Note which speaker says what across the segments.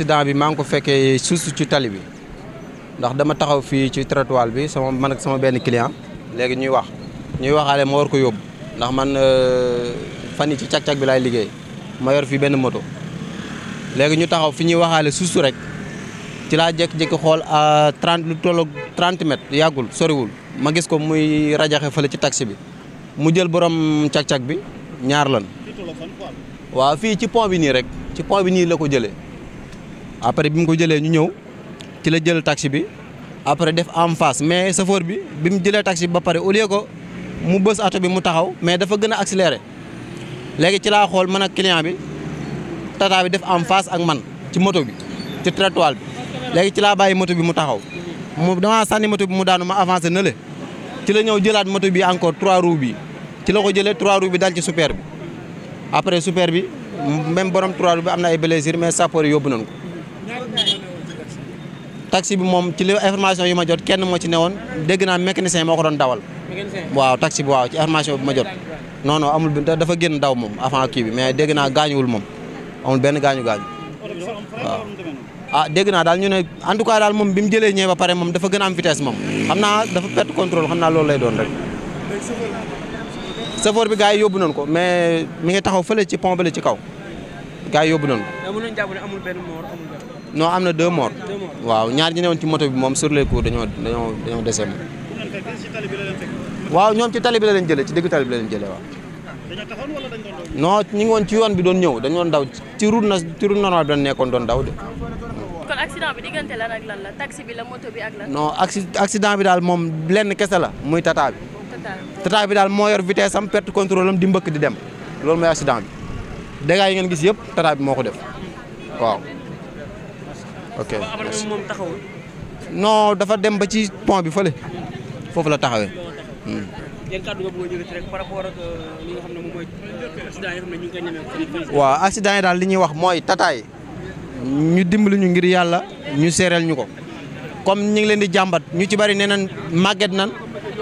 Speaker 1: accident bi maa ngi ko fekkee suusu ci tali bi ndax dama taxaw fii ci trottoir bi sama man ak sama benn client léegi ñuy wax ñuy waxaale ma war ko yóbbu ndax man euh, fan yi ci cag-cag bi laay liggéey ma yor fii benn moto léegi ñu taxaw fi ñuy waxaale suusu rek ci laa jékki-jékki xool a trente lu tolloog trente yàggul soriwul ma gis ko muy rajaxe fële ci taxi bi mu jël borom cag-cag bi ñaar lan waaw fii ci pont bi nii rek ci pont bi nii la ko jëlee après bi mu ko jëlee ñu ñëw ci la jël taxi bi après def en face mais chauffeur bi bi mu jëlee taxi bi ba pare au lieu que mu bës oto bi mu taxaw mais dafa gën a accéléré léegi ci laa xool man ak client bi tata bi def en face ak man ci moto bi ci trottoir bi léegi ci laa bàyyi moto bi mu taxaw mu damaa sànni moto bi mu daanu ma avancé na ci la ñëw jëlaat moto bi encore trois roues bi ci la ko jëlee trois roues bi dal ci super bi après supeer bi même borom trois roues bi am na ay blessures mais sapeurs yóbbu nañ ko. taxi bi moom ci li information yi ma jot kenn moo ci newoon dégg naa mécanicien moo ko doon dawal. waaw taxi bi waaw ci information bi ma jot. non amul bi dafa génn daw moom avant kii bi mais dégg naa gaañuwul moom amul benn gaañu gaañu waaw. ah dégg naa daal ñu ne en tout cas daal moom bi mu jëlee ñëwee ba pare moom dafa gën am vitesse moom xam naa dafa perte contrôle xam naa loolu lay doon rek. chauffeur bi gaa yi yóbbu nañu ko mais mi ngi taxaw fële ci pont bële ci kaw. gars yi yóbbu nañu
Speaker 2: ko. amul benn mort amul
Speaker 1: am na deux morts. waaw ñaar ñi newoon ci moto bi moom sur les coups dañoo dañoo dañoo dese moom. waaw ñoom ci tali bi la leen jëlee ci dëgg tali bi la leen jëlee waaw. ñu ngi woon ci yoon bi doon ñëw dañu doon daw ci route na ci route normale bi nekkoon doon daw de.
Speaker 2: kon accident bi
Speaker 1: ak accident bi daal moom lenn kese la muy tata bi. daal mooy yor vitesse am perte contrôle am di mbëkk di dem loolu mooy accident bi. dégâts yi ngeen gis yëpp Tata bi moo ko def waaw. ok merci dafa dem ba ci pont bi fële foofu la taxawee. Hmm.
Speaker 2: yan euh, li waaw
Speaker 1: accident yi daal li ñuy wax mooy Tata yi ñu dimbali ñu ngir yàlla ñu seereel ñu ko comme ñu ngi leen di jàmbat ñu ci bari ne nañ màgget nan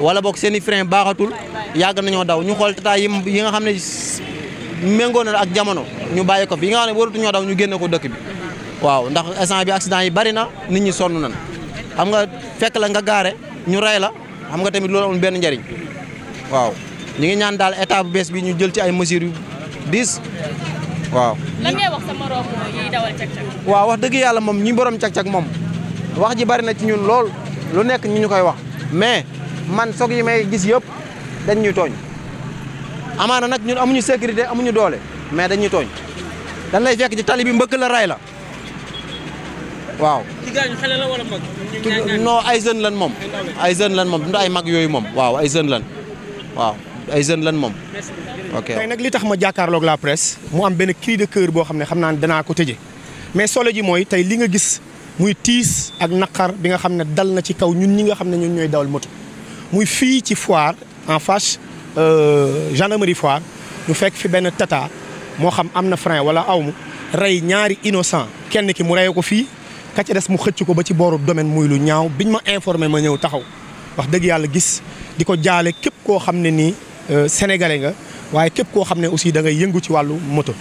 Speaker 1: wala boog seen i frein baaxatul yàgg nañoo daw ñu xool Tata yi nga xam ne méngoo na ak jamono ñu bàyyi ko fi yi nga xam ne waratu ñoo daw ñu génne ko dëkk bi waaw ndax instant bi accident yi bari na nit ñi sonn nan xam nga fekk la nga gaare ñu rey la xam nga tamit loolu amul benn njariñ waaw ñu ngi ñaan daal état bu bees bi ñu jël ci ay mesures yu diis waaw. wax dëgg yàlla moom ñi borom cag-cag moom wax ji bari na ci ñun lool lu nekk ñu ñu koy wax mais man soog yi may gis yëpp dañ ñuy tooñ. amaana nag ñun amuñu sécurité amuñu doole mais dañuy tooñ dañ lay fekk ci tali bi mbëkk la ray la waaw.
Speaker 2: ci ay jeunes lan moom.
Speaker 1: ay jeunes lan moom du ay mag yooyu moom waaw ay jeunes lan waaw ay jeunes lan moom. ok nag li tax ma
Speaker 2: jàkkaarloog la presse mu am benn cri de cœur boo xam ne xam naa ne danaa ko tëje mais solo ji mooy tey li nga gis muy tiis ak naqar bi nga xam ne dal na ci kaw ñun ñi nga xam ne ñun ñooy dawal moto muy fii ci foire en face. Euh, gendarmerie foire ñu fekk fi benn tata moo xam am na frein wala aw mu rey ñaari innocent kenn ki mu reye ko fii ka des mu xëcc ko ba ci booru domaine muy lu ñaaw biñ ma informé ma ñëw taxaw wax dëgg yàlla gis di ko jaale képp koo xam ne nii euh, sénégalais nga waaye képp koo xam ne aussi da ngay yëngu ci wàllu moto.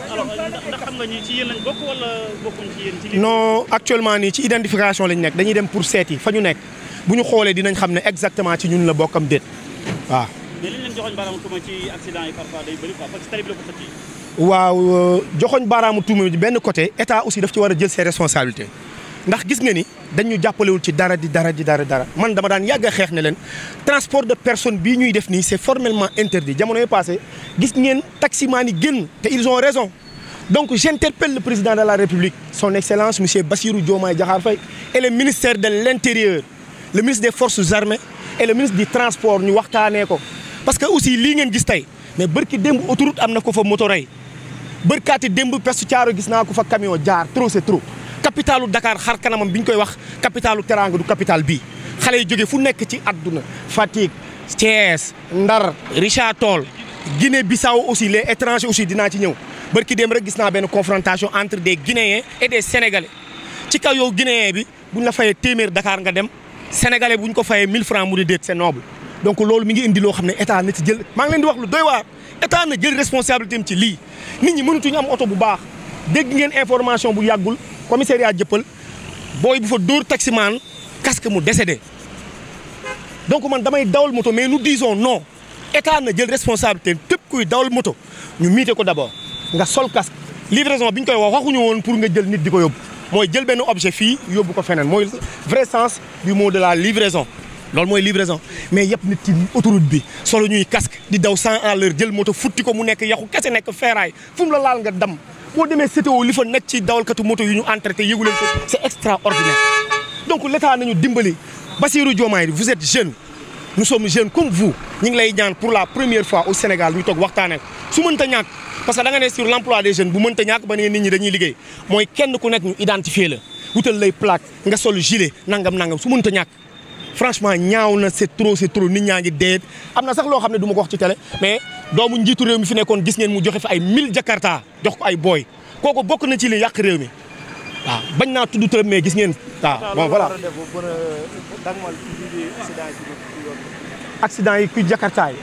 Speaker 2: Euh, non actuellement nii ci identification lañ nekk dañuy dem pour yi fa ñu nekk. bu ñu xoolee dinañ xam ne exactement ci ñun la bokkam déet waaw. mais li ñu leen joxoon joxoñ baaraamu tuuma euh, benn côté état aussi daf ci war a jël ses responsabilités ndax gis nga ni dañu jàppalewul ci dara di dara di dara dara man dama daan yàgg xeex ne leen transport de personne bii ñuy def nii c'est formellement interdit jamono yi passé gis ngeen taximaan yi génn te ils ont raison donc j'interpelle le président de la république son excellence monsieur Bassirou Diomaye Diakhar Faye et le ministère de l'intérieur le ministre des forces armées et le ministre du transport ñu waxtaanee ko parce que aussi lii ngeen gis tey mais bërki démb autoroute am na ko fa moto rey demb démb pestu caaro gis naa ko fa camion jaar trop c'est trop capitalu Dakar xar kanamam bi ñu koy wax capitalu teraanga du capital bi xale yi jóge fu nekk ci adduna Fatick Thiès Ndar Richard Toll Guinée Bissau aussi les étrangers aussi dinaa ci ñëw bërki demb rek gis naa benn confrontation entre des Guinéens et des Sénégalais ci kaw yow bi buñ la fayee téeméer Dakar nga dem sénégalais bu ñu ko fayee 1000 francs mu di déet c'est noble donc loolu mi ngi indi loo xam ne état na ci jël maa ngi leen di lu doy waar état na jël responsabilité am ci lii nit ñi mënatuñu am oto bu baax dégg ngeen information bu yàggul commissariat jëppal booy bu fa dóor taximaan casque mu décédé donc man damay dawal moto mais nous disons noo état na jël responsabilité képp kuy dawal moto ñu miite ko d'abord nga sol casque livraison bi ñu koy wax waxuñu woon pour nga jël nit di ko yóbbu mooy jël benn objet fii yóbbu ko feneen mooy vrai sens du mot de la livraison loolu mooy livraison mais yëpp nit ci autoroute bi solo ñuy casque di daw san à l'heure jël moto futti ko mu nekk yaxu kese nekk feeraay fu la laal nga dam boo demee CTO li fa nekk ci dawalkatu moto yu ñu entretien yëgu leen ko c'est extraordinaire donc l'état nañu dimbali si Bassirou Diomaye vous êtes jeune nous sommes jeunes comme vous ñu ngi lay ñaan pour la première fois au Sénégal ñu toog waxtaanee su mënta ñàkk parce que da nga ne sur l' emploi des jeunes bu mënta ñàkk ba ne nit ñi dañuy liggéey mooy kenn ku nekk ñu identifier la wutal lay plaque nga sol gilet nangam nangam su mënta ñàkk. franchement ñaaw na c'est trop c'est nit ñaa ngi dee am na sax loo xam ne duma ko wax ci télé mais doomu njiitu réew mi fi nekkoon gis ngeen mu joxe fi ay 1000 jakarta jox ko ay booy kooku bokk na ci li yàq réew mi waaw bañ naa tudd tërëm mais gis ngeen. waaw bon voilà euh, accident yi kuy jakarta yi.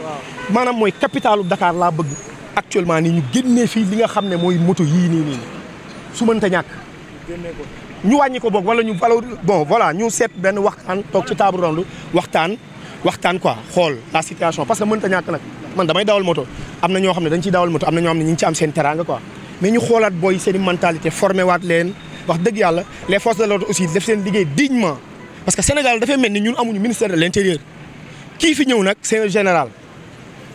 Speaker 2: maanaam mooy capitalu Dakar laa bëgg. actuellement ni ñu génnee fii li nga xam ne mooy moto yii nii nii su mënta ñàkk. ñu wàññi ko boog wala ñu valeur bon voilà ñu seet benn waxtaan toog ci table ronde waxtaan waxtaan quoi xool la situation parce que mënta ñàkk nag man damay dawal moto am na ñoo xam ne dañ ciy dawal moto am na ñoo xam ne ñu ngi ci am seen teraanga quoi mais ñu xoolaat booy seen i mentalité waat leen wax dëgg yàlla les forces de l'ordre aussi def seen liggéey dignement parce que Sénégal dafay mel ni ñun amuñu ministère de l'intérieur kii fi ñëw nag c'est général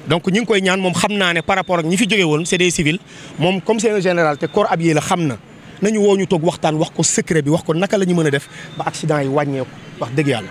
Speaker 2: donc ñi ngi koy ñaan moom xam naa ne par rapport ak ñi fi jóge woon c'est des civils moom comme c'est un général te corps habillé la xam na nañu woo ñu toog waxtaan wax ko secret bi wax ko naka la ñu mën a def ba accident yi wàññeeku wax dëgg yàlla.